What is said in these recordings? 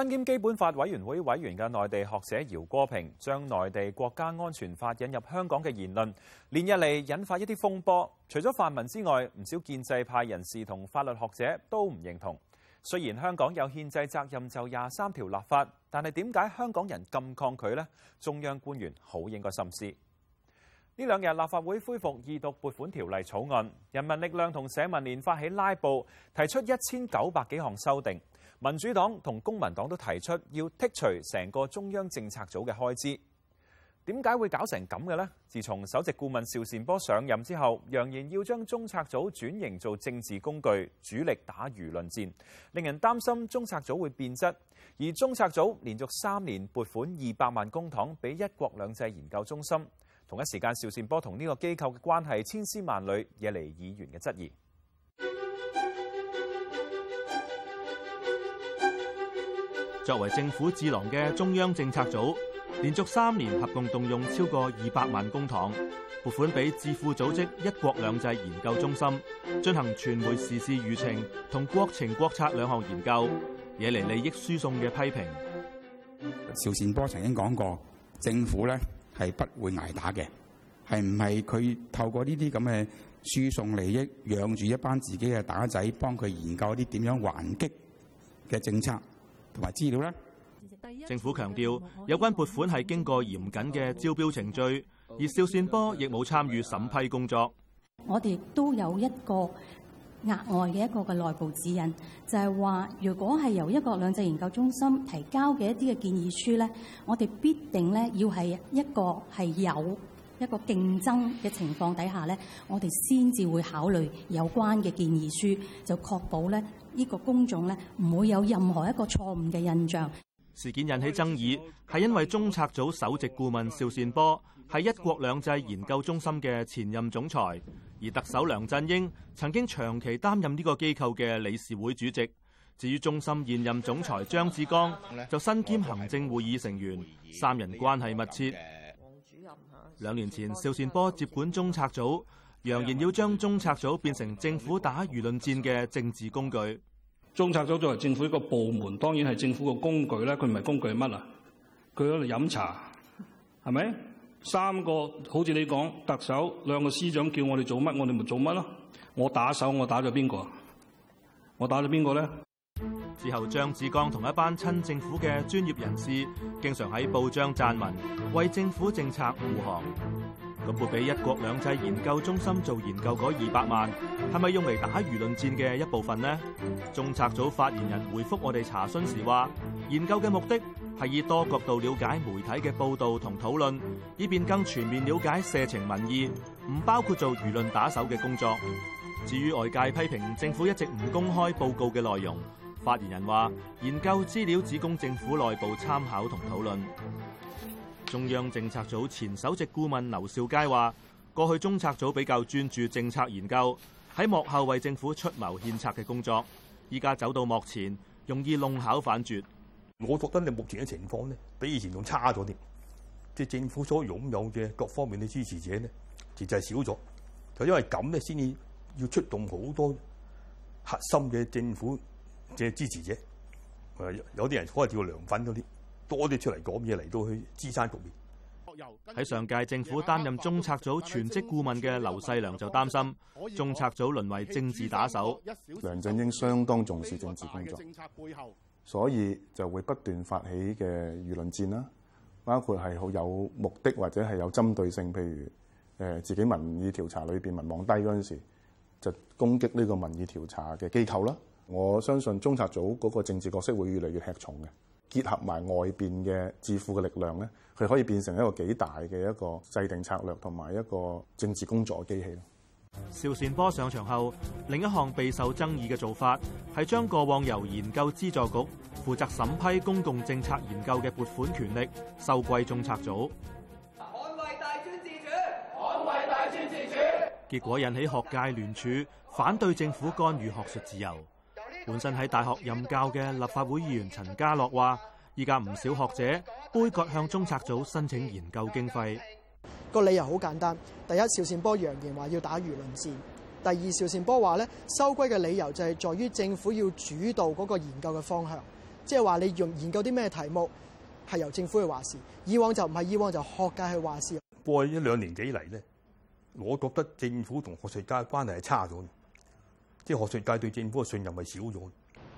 身兼基本法委員會委員嘅內地學者饒戈平，將內地國家安全法引入香港嘅言論，連日嚟引發一啲風波。除咗泛民之外，唔少建制派人士同法律學者都唔認同。雖然香港有憲制責任就廿三條立法，但係點解香港人咁抗拒咧？中央官員好應該深思。呢兩日立法會恢復二讀撥款條例草案，人民力量同社民連發起拉布，提出一千九百幾項修訂。民主黨同公民黨都提出要剔除成個中央政策組嘅開支。點解會搞成咁嘅呢？自從首席顧問邵善波上任之後，揚言要將中策組轉型做政治工具，主力打輿論戰，令人擔心中策組會變質。而中策組連續三年撥款二百萬公帑俾一國兩制研究中心。同一時間，邵善波同呢個機構嘅關係千絲萬縷，惹嚟議員嘅質疑。作為政府智囊嘅中央政策組，連續三年合共動用超過二百萬公帑，撥款俾智庫組織一國兩制研究中心進行傳媒時事輿情同國情國策兩項研究，惹嚟利益輸送嘅批評。邵善波曾經講過，政府呢。」係不會挨打嘅，係唔係佢透過呢啲咁嘅輸送利益，養住一班自己嘅打仔，幫佢研究一啲點樣還擊嘅政策同埋資料咧？政府強調，有關撥款係經過嚴謹嘅招標程序，而邵善波亦冇參與審批工作。我哋都有一個額外嘅一個嘅內部指引，就係話，如果係由一國兩制研究中心提交嘅一啲嘅建議書咧，我哋必定咧要係一個係有一個競爭嘅情況底下咧，我哋先至會考慮有關嘅建議書，就確保咧呢個公眾咧唔會有任何一個錯誤嘅印象。事件引起爭議，係因為中策組首席顧問邵善波。係一國兩制研究中心嘅前任總裁，而特首梁振英曾經長期擔任呢個機構嘅理事會主席。至於中心現任總裁張志剛，就身兼行政會議成員，三人關係密切。兩年前，邵善波接管中策組，揚言要將中策組變成政府打輿論戰嘅政治工具。中策組作為政府一個部門，當然係政府個工具啦，佢唔係工具係乜啊？佢喺度飲茶，係咪？三個好似你講特首兩個司長叫我哋做乜，我哋咪做乜咯？我打手，我打咗邊個？我打咗邊個咧？之後張志剛同一班親政府嘅專業人士，經常喺報章撰文，為政府政策護航。咁撥俾一國兩制研究中心做研究嗰二百萬，係咪用嚟打輿論戰嘅一部分呢？中策組發言人回覆我哋查詢時話：研究嘅目的。係以多角度了解媒體嘅報道同討論，以便更全面了解社情民意，唔包括做輿論打手嘅工作。至於外界批評政府一直唔公開報告嘅內容，發言人話：研究資料只供政府內部參考同討論。中央政策組前首席顧問劉兆佳話：過去中策組比較專注政策研究，喺幕後為政府出謀獻策嘅工作，依家走到幕前，容易弄巧反拙。我覺得你目前嘅情況咧，比以前仲差咗啲，即係政府所擁有嘅各方面嘅支持者咧，其實係少咗，就因為咁咧，先至要出動好多核心嘅政府嘅支持者，誒，有啲人可能叫梁粉多啲，多啲出嚟講嘢嚟到去支撐局面。喺上屆政府擔任中策組全職顧問嘅劉細良就擔心，中策組淪為政治打手。梁振英相當重視政治工作。所以就會不斷發起嘅輿論戰啦，包括係好有目的或者係有針對性，譬如誒自己民意調查裏邊民望低嗰陣時，就攻擊呢個民意調查嘅機構啦。我相信中策組嗰個政治角色會越嚟越吃重嘅，結合埋外邊嘅智庫嘅力量咧，佢可以變成一個幾大嘅一個制定策略同埋一個政治工作嘅機器。邵善波上場後，另一項備受爭議嘅做法係將過往由研究資助局負責審批公共政策研究嘅撥款權力收歸中策組，捍衛大專自主，捍衛大專自主，捍衛大專自主。結果引起學界聯署反對政府干預學術自由。本身喺大學任教嘅立法會議員陳家洛話，依家唔少學者杯葛向中策組申請研究經費。個理由好簡單，第一，邵善波揚言話要打輿論戰；第二，邵善波話咧收歸嘅理由就係在於政府要主導嗰個研究嘅方向，即係話你用研究啲咩題目係由政府去話事。以往就唔係，以往就學界去話事。過去一兩年幾嚟咧，我覺得政府同學術界關係係差咗，即係學術界對政府嘅信任係少咗，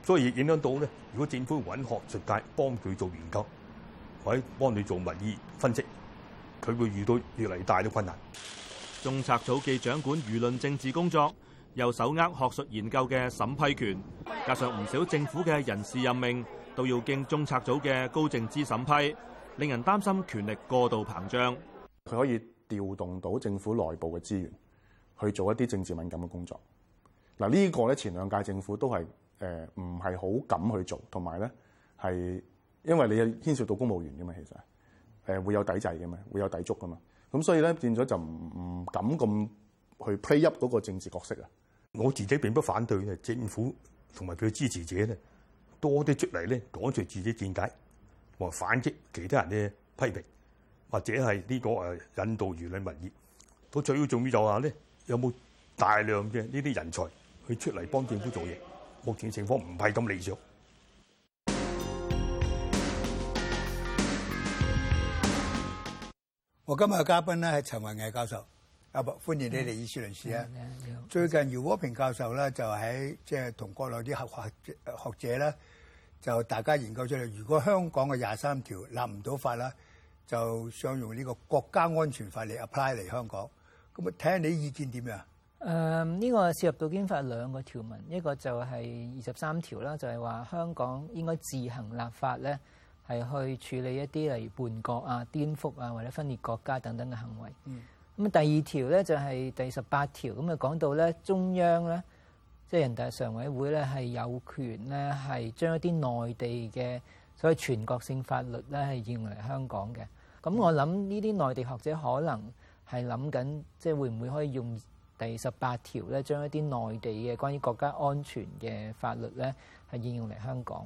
所以影響到咧，如果政府搵學術界幫佢做研究，或者幫佢做民意分析。佢會遇到越嚟越大嘅困難，中策組既掌管輿論政治工作，又手握學術研究嘅審批權，加上唔少政府嘅人事任命都要經中策組嘅高政資審批，令人擔心權力過度膨脹，佢可以調動到政府內部嘅資源去做一啲政治敏感嘅工作。嗱呢個咧前兩屆政府都係誒唔係好敢去做，同埋咧係因為你牽涉到公務員嘅嘛，其實。誒會有抵制嘅嘛，會有抵觸嘅嘛？咁所以咧變咗就唔唔敢咁去 play 入嗰個政治角色啊！我自己並不反對咧，政府同埋佢支持者咧多啲出嚟咧講住自己的見解，或反擊其他人嘅批評，或者係呢個誒引導輿論民意。最要重要嘅、就、咧、是，有冇大量嘅呢啲人才去出嚟幫政府做嘢？目前情況唔係咁理想。我今日嘅嘉賓咧係陳雲藝教授，啊不歡迎你哋、嗯、議事論事啊！最近姚和、嗯、平教授咧就喺即係同國內啲合學學者咧就大家研究出嚟，如果香港嘅廿三條立唔到法啦，就想用呢個國家安全法嚟 apply 嚟香港，咁啊睇下你意見點樣？誒、嗯、呢、這個涉及到基本法兩個條文，一個就係二十三條啦，就係、是、話香港應該自行立法咧。係去處理一啲例如叛國啊、顛覆啊或者分裂國家等等嘅行為。咁、嗯、第二條咧就係、是、第十八條，咁啊講到咧中央咧，即、就、係、是、人大常委會咧係有權咧係將一啲內地嘅所謂全國性法律咧係應用嚟香港嘅。咁我諗呢啲內地學者可能係諗緊，即、就、係、是、會唔會可以用第十八條咧將一啲內地嘅關於國家安全嘅法律咧係應用嚟香港？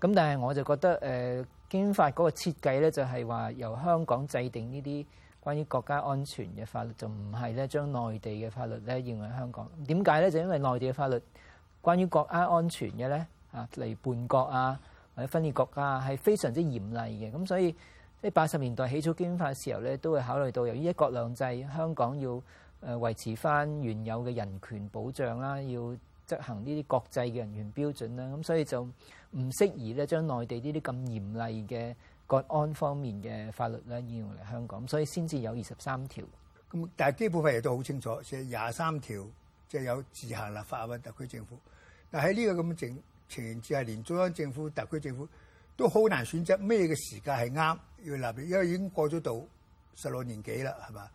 咁但係我就覺得誒，基本法嗰個設計咧，就係話由香港制定呢啲關於國家安全嘅法律，就唔係咧將內地嘅法律咧應用喺香港，點解咧？就因為內地嘅法律關於國家安全嘅咧，啊，例如叛國啊或者分裂國家係非常之嚴厲嘅。咁所以喺八十年代起草基本法嘅時候咧，都會考慮到由於一國兩制，香港要誒維持翻原有嘅人權保障啦，要。執行呢啲國際嘅人員標準啦，咁所以就唔適宜咧將內地呢啲咁嚴厲嘅國安方面嘅法律咧應用嚟香港，所以先至有二十三條。咁但係基本法亦都好清楚，即係廿三條即係、就是、有自行立法啊，或特區政府。但係喺呢個咁嘅情情形之下，連中央政府、特區政府都好難選擇咩嘅時間係啱要立，因為已經過咗到十六年幾啦，係嘛？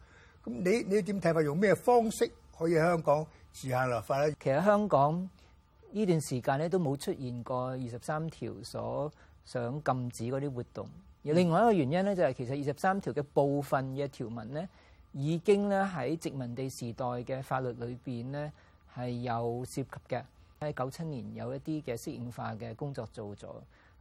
咁你你點睇法？用咩方式可以喺香港？住限立法咧，其實香港呢段時間咧都冇出現過二十三條所想禁止嗰啲活動。而另外一個原因咧，就係其實二十三條嘅部分嘅條文咧，已經咧喺殖民地時代嘅法律裏邊咧係有涉及嘅。喺九七年有一啲嘅適應化嘅工作做咗，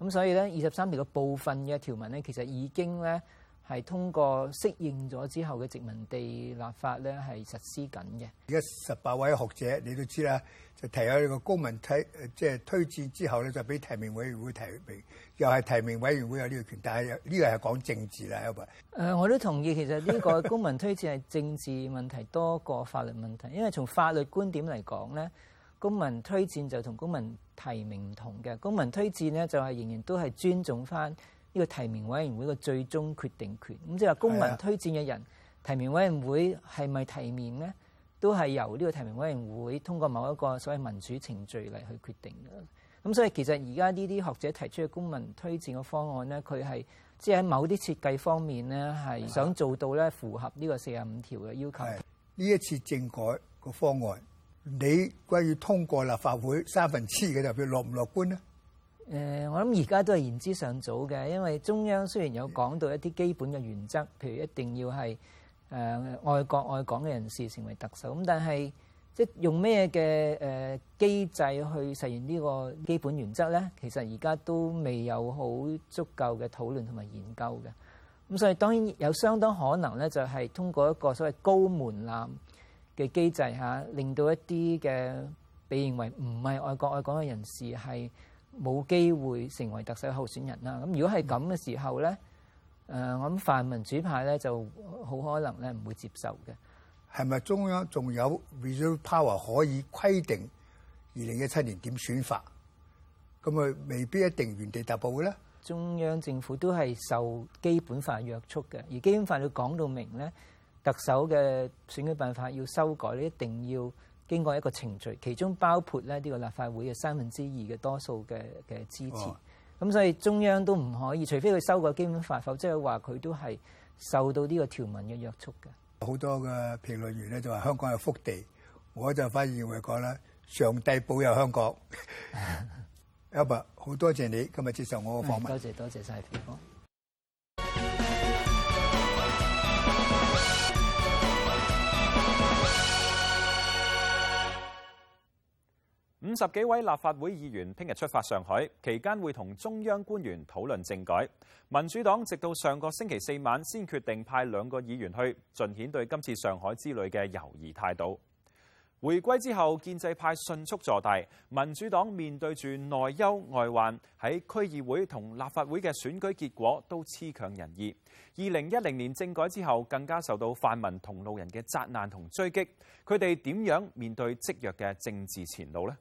咁所以咧二十三條嘅部分嘅條文咧，其實已經咧。係通過適應咗之後嘅殖民地立法咧，係實施緊嘅。而家十八位學者，你都知啦，就提咗呢個公民推即係推薦之後咧，就俾提名委員會提名。又係提名委員會有呢個權，但係呢個係講政治啦，阿伯。誒，我都同意，其實呢個公民推薦係政治問題多過法律問題。因為從法律觀點嚟講咧，公民推薦就同公民提名唔同嘅。公民推薦咧就係仍然都係尊重翻。呢、這個提名委員會嘅最終決定權，咁即係話公民推薦嘅人，提名委員會係咪提名咧？都係由呢個提名委員會通過某一個所謂民主程序嚟去決定嘅。咁所以其實而家呢啲學者提出嘅公民推薦嘅方案咧，佢係即係喺某啲設計方面咧，係想做到咧符合呢個四十五條嘅要求。係呢一次政改個方案，你關於通過立法會三分之二嘅投票樂唔樂觀咧？落誒、呃，我諗而家都係言之尚早嘅，因為中央雖然有講到一啲基本嘅原則，譬如一定要係誒、呃、愛國愛港嘅人士成為特首咁，但係即係用咩嘅誒機制去實現呢個基本原則咧？其實而家都未有好足夠嘅討論同埋研究嘅。咁所以當然有相當可能咧，就係通過一個所謂高門檻嘅機制嚇、啊，令到一啲嘅被認為唔係愛國愛港嘅人士係。冇機會成為特首候選人啦。咁如果係咁嘅時候咧，誒、嗯呃，我諗泛民主派咧就好可能咧唔會接受嘅。係咪中央仲有 reserve power 可以規定二零一七年點選法？咁啊，未必一定原地踏步嘅咧。中央政府都係受基本法約束嘅，而基本法佢講到明咧，特首嘅選舉辦法要修改，一定要。經過一個程序，其中包括咧呢個立法會嘅三分之二嘅多數嘅嘅支持，咁、哦、所以中央都唔可以，除非佢修改基本法，否則話佢都係受到呢個條文嘅約束嘅。好多嘅評論員咧就話香港係福地，我就反而認為講啦：「上帝保佑香港。Albert 好多，多謝你今日接受我嘅訪問，嗯。多謝多謝晒。五十幾位立法會議員聽日出發上海，期間會同中央官員討論政改。民主黨直到上個星期四晚先決定派兩個議員去，盡顯對今次上海之旅嘅猶豫態度。回歸之後，建制派迅速坐大，民主黨面對住內憂外患，喺區議會同立法會嘅選舉結果都差強人意。二零一零年政改之後，更加受到泛民同路人嘅責難同追擊。佢哋點樣面對積弱嘅政治前路呢？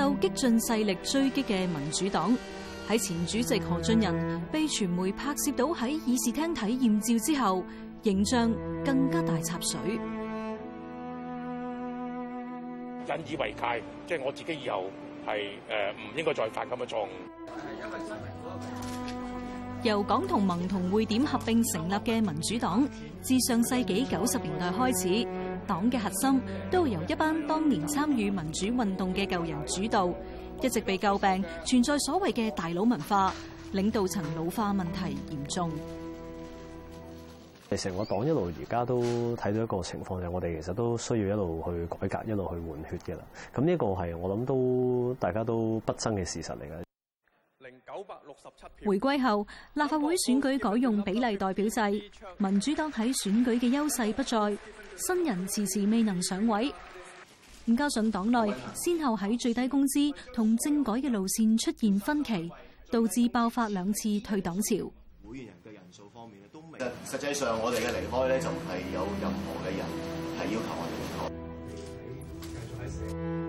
受激進勢力追擊嘅民主黨，喺前主席何俊仁被傳媒拍攝到喺議事廳睇豔照之後，形象更加大插水。引以為戒，即係我自己以後係誒唔應該再犯咁嘅錯誤。由港同盟同匯點合併成立嘅民主黨，自上世紀九十年代開始。黨嘅核心都由一班當年參與民主運動嘅舊人主導，一直被詬病存在所謂嘅大佬文化，領導層老化問題嚴重。其實我黨一路而家都睇到一個情況，就我哋其實都需要一路去改革，一路去換血嘅啦。咁呢個係我諗都大家都不爭嘅事實嚟嘅。九百六十七回歸後，立法會選舉改用比例代表制，民主黨喺選舉嘅優勢不在，新人遲遲未能上位。咁加上黨內先後喺最低工資同政改嘅路線出現分歧，導致爆發兩次退黨潮。會員人嘅人數方面都未。實際上，我哋嘅離開呢，就唔係有任何嘅人係要求我哋離開。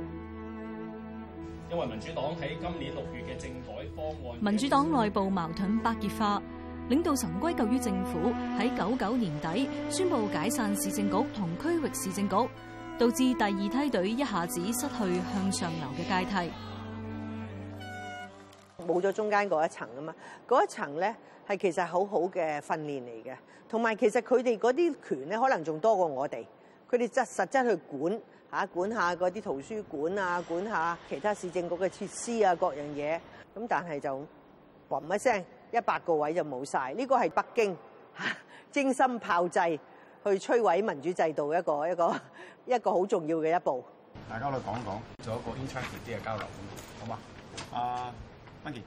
因為民主黨喺今年六月嘅政改方案，民主黨內部矛盾百結化，領導層歸咎於政府喺九九年底宣布解散市政局同區域市政局，導致第二梯隊一下子失去向上流嘅階梯，冇咗中間嗰一層啊嘛，嗰一層呢係其實好好嘅訓練嚟嘅，同埋其實佢哋嗰啲權呢，可能仲多過我哋，佢哋實實質去管。嚇管下嗰啲圖書館啊，管下其他市政局嘅設施啊，各樣嘢。咁但係就嘣、呃、一聲，一百個位就冇晒。呢、呢個係北京、啊、精心炮製去摧毀民主制度一個一個一個好重要嘅一步。大家去講講，做一個 interesting 啲嘅交流，好嘛？啊 m i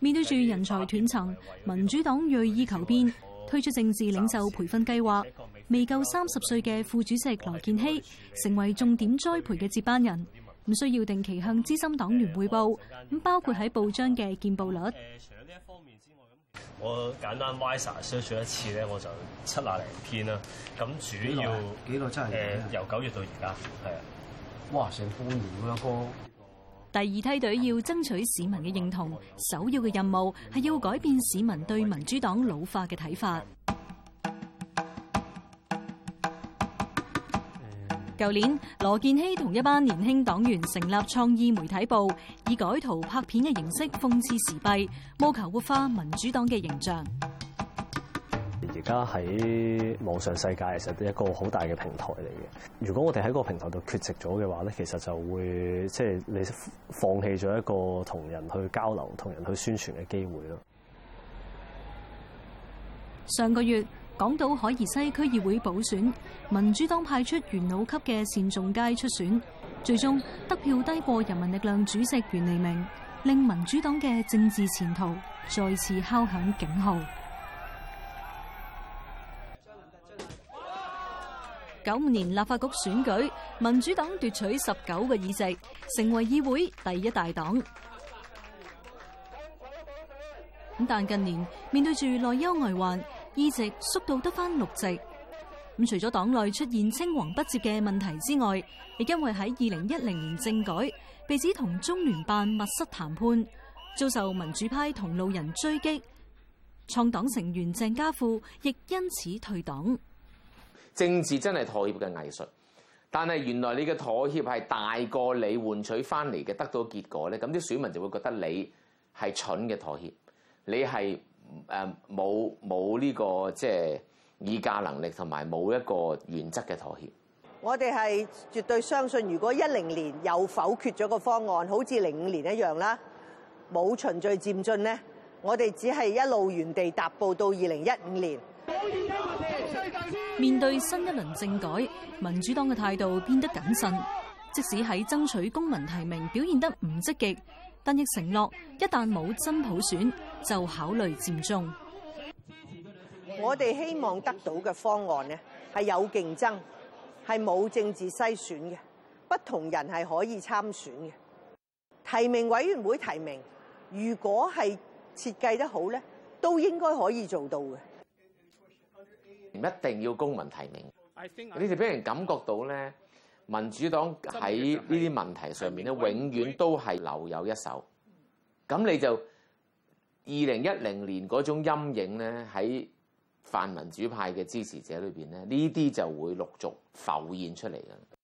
面對住人才斷層，民主黨鋭意求變，推出政治領袖培訓計劃。未夠三十歲嘅副主席羅健熙成為重點栽培嘅接班人，唔需要定期向資深黨員匯報。咁包括喺報章嘅見報率。除咗呢一方面之外，咁我簡單 Wisers search 咗一次咧，我就七廿零篇啦。咁主要幾耐？幾耐？真係由九月到而家，係啊。哇！成半年嗰個。第二梯隊要爭取市民嘅認同，首要嘅任務係要改變市民對民主黨老化嘅睇法。舊年，羅健熙同一班年輕黨員成立創意媒體部，以改圖拍片嘅形式諷刺時弊，務求活化民主黨嘅形象。而家喺網上世界其實係一個好大嘅平台嚟嘅。如果我哋喺個平台度缺席咗嘅話咧，其實就會即係、就是、你放棄咗一個同人去交流、同人去宣傳嘅機會咯。上個月，港島海怡西區議會補選，民主黨派出元老級嘅單仲偕出選，最終得票低過人民力量主席袁彌明，令民主黨嘅政治前途再次敲響警號。九五年立法局選舉，民主黨奪取十九個議席，成為議會第一大黨。咁但近年面對住內憂外患，議席縮到得翻六席。咁除咗黨內出現青黃不接嘅問題之外，亦因為喺二零一零年政改被指同中聯辦密室談判，遭受民主派同路人追擊，創黨成員鄭家富亦因此退黨。政治真係妥協嘅藝術，但係原來你嘅妥協係大過你換取翻嚟嘅得到結果咧，咁啲選民就會覺得你係蠢嘅妥協，你係誒冇冇呢個即係、就是、議價能力同埋冇一個原則嘅妥協，我哋係絕對相信，如果一零年又否決咗個方案，好似零五年一樣啦，冇循序漸進咧，我哋只係一路原地踏步到二零一五年。面對新一輪政改，民主黨嘅態度變得謹慎，即使喺爭取公民提名表現得唔積極，但亦承諾一旦冇真普選，就考慮佔中。我哋希望得到嘅方案呢，係有競爭，係冇政治篩選嘅，不同人係可以參選嘅。提名委員會提名，如果係設計得好呢，都應該可以做到嘅。唔一定要公民提名，你哋俾人感覺到咧，民主黨喺呢啲問題上面咧，永遠都係留有一手。咁你就二零一零年嗰種陰影咧，喺泛民主派嘅支持者裏邊咧，呢啲就會陸續浮現出嚟嘅。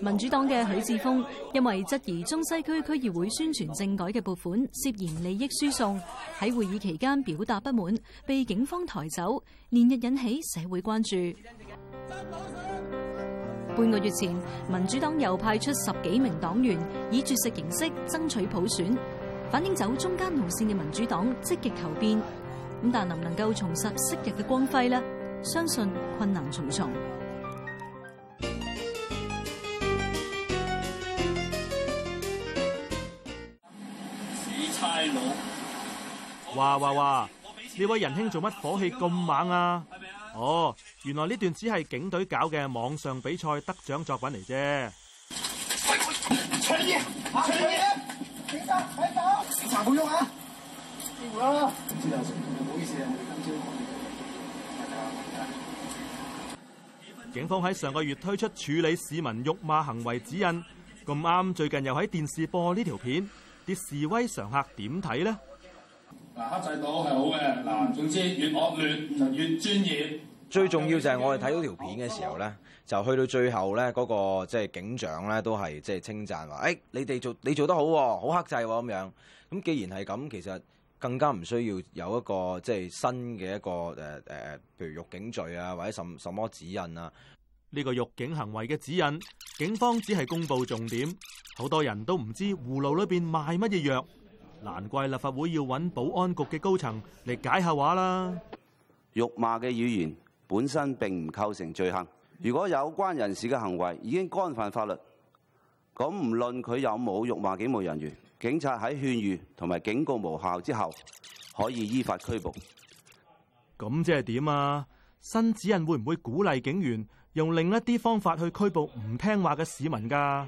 民主黨嘅許智峰因為質疑中西區區議會宣傳政改嘅撥款涉嫌利益輸送，喺會議期間表達不滿，被警方抬走，連日引起社會關注。半個月前，民主黨又派出十幾名黨員以絕食形式爭取普選，反映走中間路線嘅民主黨積極求變。咁但能唔能夠重拾昔日嘅光輝咧？相信困難重重。哇哇哇！呢位仁兄做乜火氣咁猛啊？哦，原來呢段只係警隊搞嘅網上比賽得獎作品嚟啫。警方喺上個月推出處理市民辱罵行為指引，咁啱最近又喺電視播呢條片。啲示威常客點睇咧？嗱，克制到係好嘅嗱。總之越惡劣就越專業。最重要就係我哋睇到嗰條片嘅時候咧，就去到最後咧，嗰個即係警長咧都係即係稱讚話，誒、哎、你哋做你做得好，好克制咁、哦、樣。咁既然係咁，其實更加唔需要有一個即係、就是、新嘅一個誒誒，譬如辱警罪啊，或者什什麼指引啊。呢個辱警行為嘅指引，警方只係公布重點，好多人都唔知葫蘆裏邊賣乜嘢藥，難怪立法會要揾保安局嘅高層嚟解下話啦。辱罵嘅語言本身並唔構成罪行，如果有關人士嘅行為已經干犯法律，咁唔論佢有冇辱罵警務人員，警察喺勸喻同埋警告無效之後，可以依法拘捕。咁即係點啊？新指引會唔會鼓勵警員？用另一啲方法去拘捕唔聽話嘅市民噶，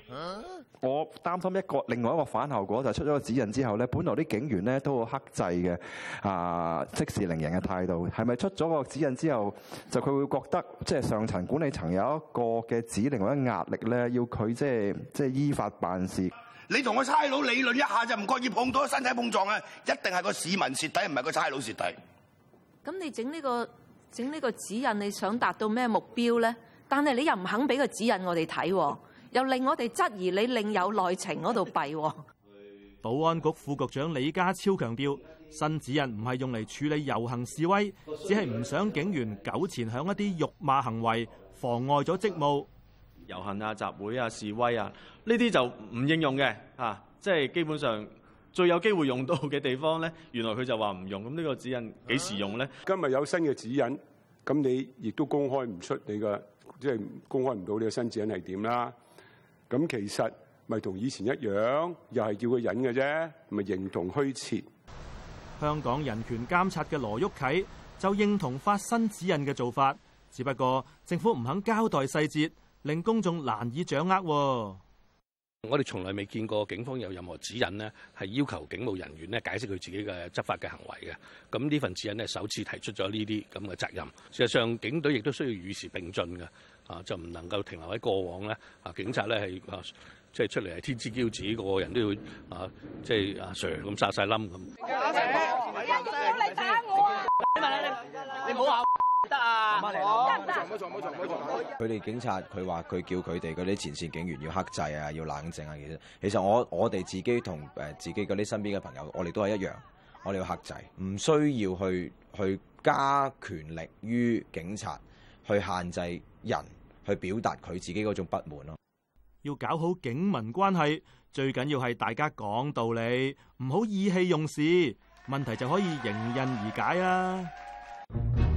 我擔心一個另外一個反效果就係出咗個指引之後咧，本來啲警員咧都好克制嘅啊，即時凌人嘅態度係咪出咗個指引之後就佢會覺得即係上層管理層有一個嘅指令或者壓力咧，要佢即係即係依法辦事。你同個差佬理論一下就唔覺意碰到身體碰撞啊，一定係個市民蝕底，唔係個差佬蝕底。咁你整呢個整呢個指引，你想達到咩目標咧？但係你又唔肯俾個指引我哋睇，又令我哋質疑你另有內情，嗰度弊。保安局副局長李家超強調，新指引唔係用嚟處理遊行示威，只係唔想警員糾纏響一啲辱罵行為，妨礙咗職務。遊行啊、集會啊、示威啊，呢啲就唔應用嘅嚇，即、啊、係、就是、基本上最有機會用到嘅地方呢。原來佢就話唔用。咁呢個指引幾時用呢？今日有新嘅指引，咁你亦都公開唔出你嘅。即係公開唔到你嘅新指引係點啦，咁其實咪同以前一樣，又係叫佢忍嘅啫，咪形同虛設。香港人權監察嘅羅沃啟就認同發新指引嘅做法，只不過政府唔肯交代細節，令公眾難以掌握啊。我哋從來未見過警方有任何指引咧，係要求警務人員咧，解釋佢自己嘅執法嘅行為嘅。咁呢份指引咧，首次提出咗呢啲咁嘅責任。事實上，警隊亦都需要與時並進嘅啊，就唔能夠停留喺過往咧啊。警察咧係啊，即係出嚟係天之驕子，個個人都要啊，即係阿 Sir 咁殺晒冧咁。你唔好話。得啊！冇，冇錯，冇錯，冇錯，冇錯。佢哋警察，佢話佢叫佢哋嗰啲前線警員要克制啊，要冷靜啊。其實，其實我我哋自己同誒自己嗰啲身邊嘅朋友，我哋都係一樣，我哋要克制，唔需要去去加權力於警察去限制人去表達佢自己嗰種不滿咯。要搞好警民關係，最緊要係大家講道理，唔好意氣用事，問題就可以迎刃而解啊！